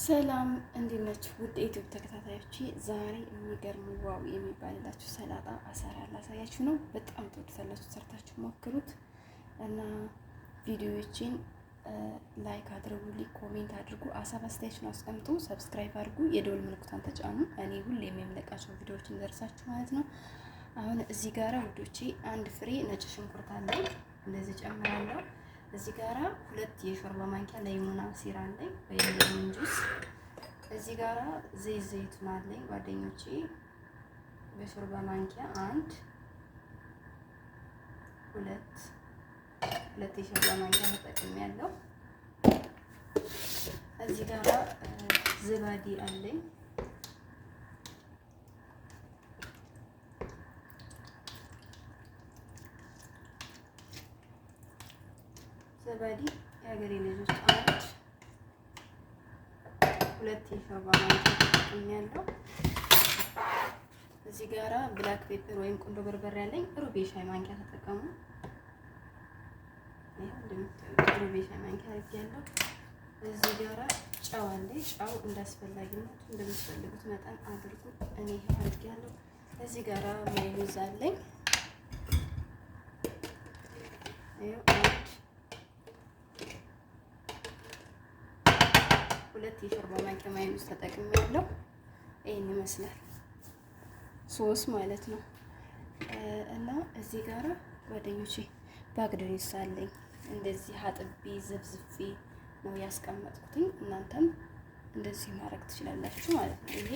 ሰላም እንዴት ናችሁ? ውድ ተከታታዮች ዛሬ የሚገርም ዋው የሚባልላችሁ ሰላጣ አሰራ ላሳያችሁ ነው። በጣም ትወዱታላችሁ፣ ሰርታችሁ ሞክሩት እና ቪዲዮዎችን ላይክ አድርጉልኝ፣ ኮሜንት አድርጉ፣ አሳብ አስተያየትን አስቀምጡ፣ ሰብስክራይብ አድርጉ፣ የደወል ምልክቷን ተጫኑ። እኔ ሁሌ የሚለቃቸው ቪዲዮዎች እንደርሳችሁ ማለት ነው። አሁን እዚህ ጋራ ውዶቼ አንድ ፍሬ ነጭ ሽንኩርት አለ፣ እንደዚህ ጨምራለሁ እዚህ ጋራ ሁለት የሾርባ ማንኪያ ለይሙና ሲራ አለኝ ወይም ለይሙን ጁስ። እዚህ ጋራ ዘይት ዘይቱን አለኝ ጓደኞቼ፣ በሾርባ ማንኪያ አንድ ሁለት ሁለት የሾርባ ማንኪያ ተጠቅሜ ያለው። እዚህ ጋራ ዝባዴ አለኝ አረንጓዴ የሀገሬ ልጆች አመድ ሁለት የሾርባ ያለው እዚህ ጋራ ብላክ ፔፐር ወይም ቁንዶ በርበሬ ያለኝ ሩብ የሻይ ማንኪያ ተጠቀሙ። ሩብ የሻይ ማንኪያ ያለው እዚህ ጋራ ጨው አለ። ጨው እንዳስፈላጊነቱ እንደምትፈልጉት መጠን አድርጉ። እኔ ያለው እዚህ ጋራ ማይኑዝ አለኝ። ሁለት የሾርባ ማንኪያ ማይኑስ ተጠቅም ያለው ይህን ይመስላል። ሶስ ማለት ነው። እና እዚህ ጋር ጓደኞቼ ባግድሬስ አለኝ እንደዚህ አጥቤ ዘብዝፌ ነው ያስቀመጥኩትኝ። እናንተም እንደዚህ ማድረግ ትችላላችሁ ማለት ነው። ይሄ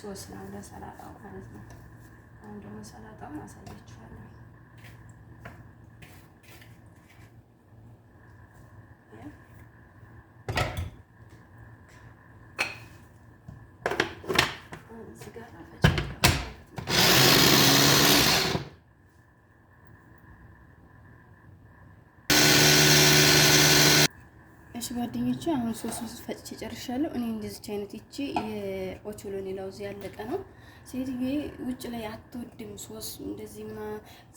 ሶስ ነው ለሰላጣው ማለት ነው። አሁን ደግሞ ሰላጣውን አሳያችኋለሁ። እሺ ጓደኞቼ አሁን ሶስት ሶስት ፈጭቼ ጨርሻለሁ። እኔ እንደዚች አይነት ይቺ የኦቾሎኒ ለውዝ ያለቀ ነው። ሴትዬ ውጭ ላይ አትወድም። ሶስ እንደዚህ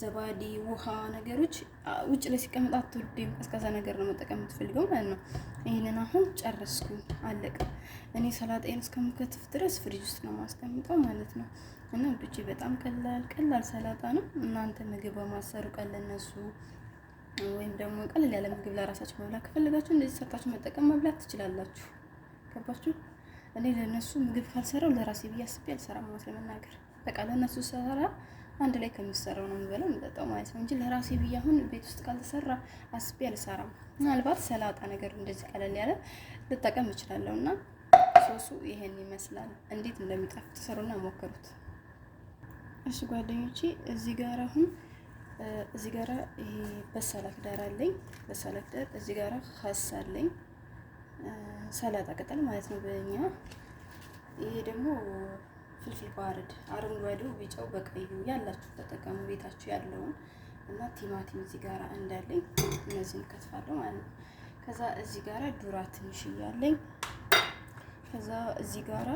ዘባዲ ውሃ ነገሮች ውጭ ላይ ሲቀመጥ አትወድም። ቀዝቃዛ ነገር ነው መጠቀም የምትፈልገው ማለት ነው። ይህንን አሁን ጨረስኩ አለቀ። እኔ ሰላጤን እስከምከትፍ ድረስ ፍሪጅ ውስጥ ነው ማስቀምጠው ማለት ነው። እና ውዶቼ በጣም ቀላል ቀላል ሰላጣ ነው። እናንተ ምግብ በማሰሩ ቀለነሱ ወይም ደግሞ ቀለል ያለ ምግብ ለራሳችሁ መብላት ከፈለጋችሁ እንደዚህ ሰርታችሁ መጠቀም መብላት ትችላላችሁ። ገባችሁ? እኔ ለእነሱ ምግብ ካልሰራው ለራሴ ብዬ አስቤ አልሰራም። ማለት ለመናገር በቃ ለእነሱ ሰራ አንድ ላይ ከሚሰራው ነው የሚበለው የሚጠጣው ማለት ነው እንጂ ለራሴ ብዬ አሁን ቤት ውስጥ ካልተሰራ አስቤ አልሰራም። ምናልባት ሰላጣ ነገር እንደዚህ ቀለል ያለ ልጠቀም እችላለሁ። እና ሶሱ ይሄን ይመስላል። እንዴት እንደሚጣፍጥ ተሰሩና ሞከሩት። እሺ ጓደኞቼ እዚህ ጋር አሁን እዚህ ጋራ ይሄ በሳል አክዳር አለኝ። በሳል አክዳር እዚህ ጋራ ሀስ አለኝ፣ ሰላጣ ቅጠል ማለት ነው በእኛ። ይሄ ደግሞ ፍልፍል ባርድ፣ አረንጓዴው፣ ቢጫው፣ በቀዩ ያላችሁ ተጠቀሙ፣ ቤታችሁ ያለውን እና ቲማቲም እዚህ ጋራ እንዳለኝ እነዚህን ከትፋለሁ ማለት ነው። ከዛ እዚህ ጋራ ዱራ ትንሽ እያለኝ ከዛ እዚህ ጋራ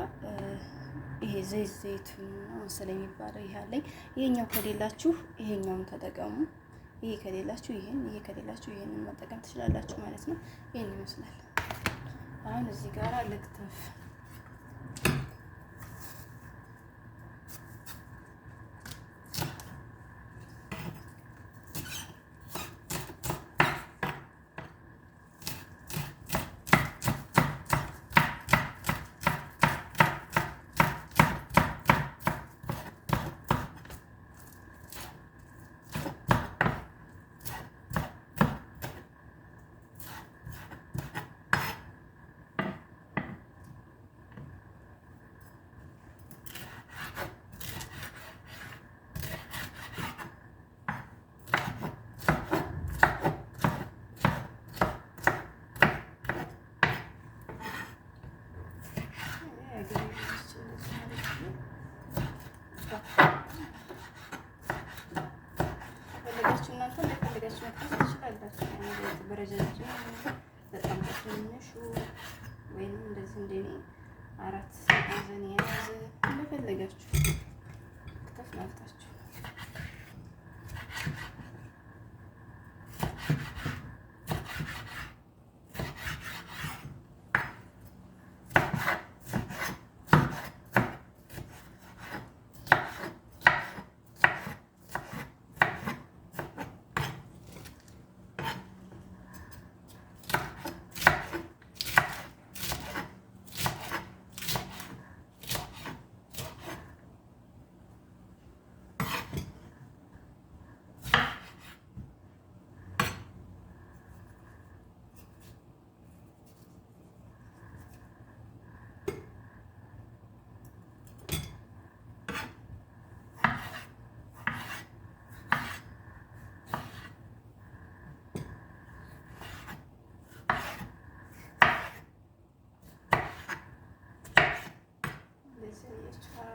ይሄ ዘይት ዘይቱን መሰለኝ የሚባለው ይሄ አለኝ። ይሄኛው ከሌላችሁ ይሄኛውን ተጠቀሙ። ይሄ ከሌላችሁ ይሄን፣ ይሄ ከሌላችሁ ይሄንን መጠቀም ትችላላችሁ ማለት ነው። ይሄን ይመስላል። አሁን እዚህ ጋራ ልክተፍ ፈለጋችሁ እናንተ እንደፈለጋችሁ መጥፋት ትችላላችሁ። በረጃጅም በጣም በትንሹ ወይም እንደዚህ እንደኔ አራት የያዘ እንደፈለጋችሁ ክተፍ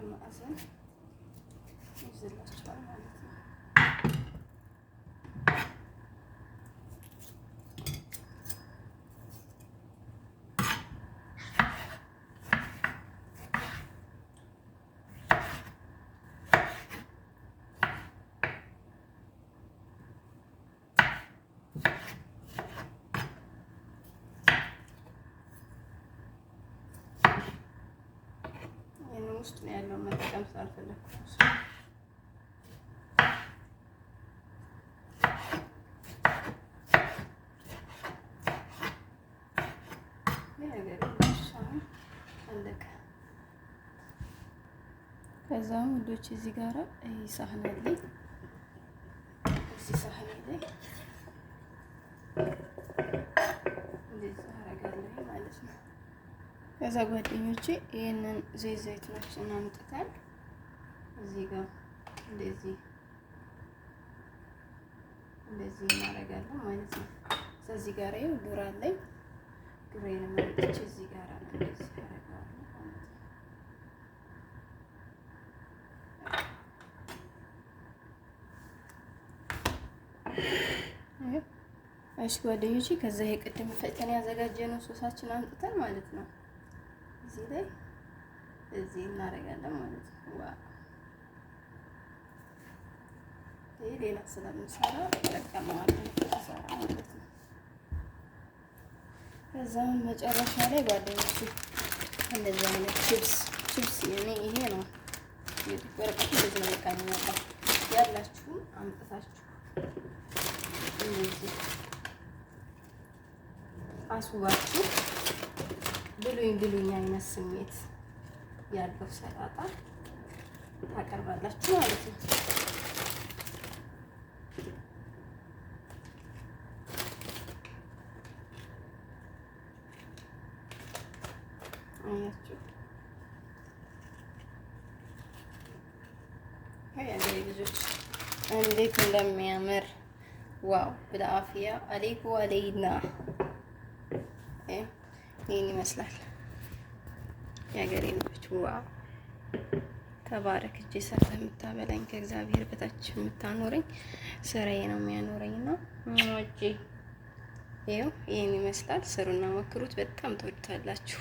መዓዛ ይዝላችሁ። ውስጥ ነው ያለው። መጠቀም ስላልፈለኩት እሱ ከዛም ውዶች እዚህ ጋራ ሳህን አለኝ። እዚህ ሳህን አለኝ እንደዚህ አደርጋለሁ ማለት ነው። ከዛ ጓደኞቼ ይህንን ዘይት ዘይቱኖች እናምጥታል እዚህ ጋር እንደዚህ እንደዚህ እናደርጋለን ማለት ነው። ከዚህ ጋር ይኸው ዱር አለኝ ዱሬ ለማለች እዚህ ጋር እንደዚህ ነው። እሺ ጓደኞቼ ከዛ የቅድም ፈጭተን ያዘጋጀነው ሶሳችን አምጥተን ማለት ነው እዚህ ላይ እዚህ እናደርጋለን ማለት ነው። ዋ ይሄ ሌላ ስለምሰራ እጠቀመዋለሁ ተሰራ ማለት መጨረሻ ላይ ጓደኞች እንደዚህ አይነት ችፕስ ችፕስ እኔ ይሄ ነው ወረቀቱ እንደዚህ ነው በቃ የሚመጣው አምጥታችሁ እንደዚህ አስውባችሁ ብሉኝ ብሉኝ አይነት ስሜት ያለው ሰላጣ ታቀርባላችሁ ማለት ነው። እንዴት እንደሚያምር ዋው! ብልአፍያ አሌይኩ አሌይና ይህን ይመስላል የሀገሬ ልጆች። ዋው ተባረክ። እጄ ሰርተህ የምታበላኝ ከእግዚአብሔር በታች የምታኖረኝ ስራዬ ነው የሚያኖረኝ ና እጄ ይኸው ይህን ይመስላል። ስሩና ሞክሩት፣ በጣም ትወዱታላችሁ።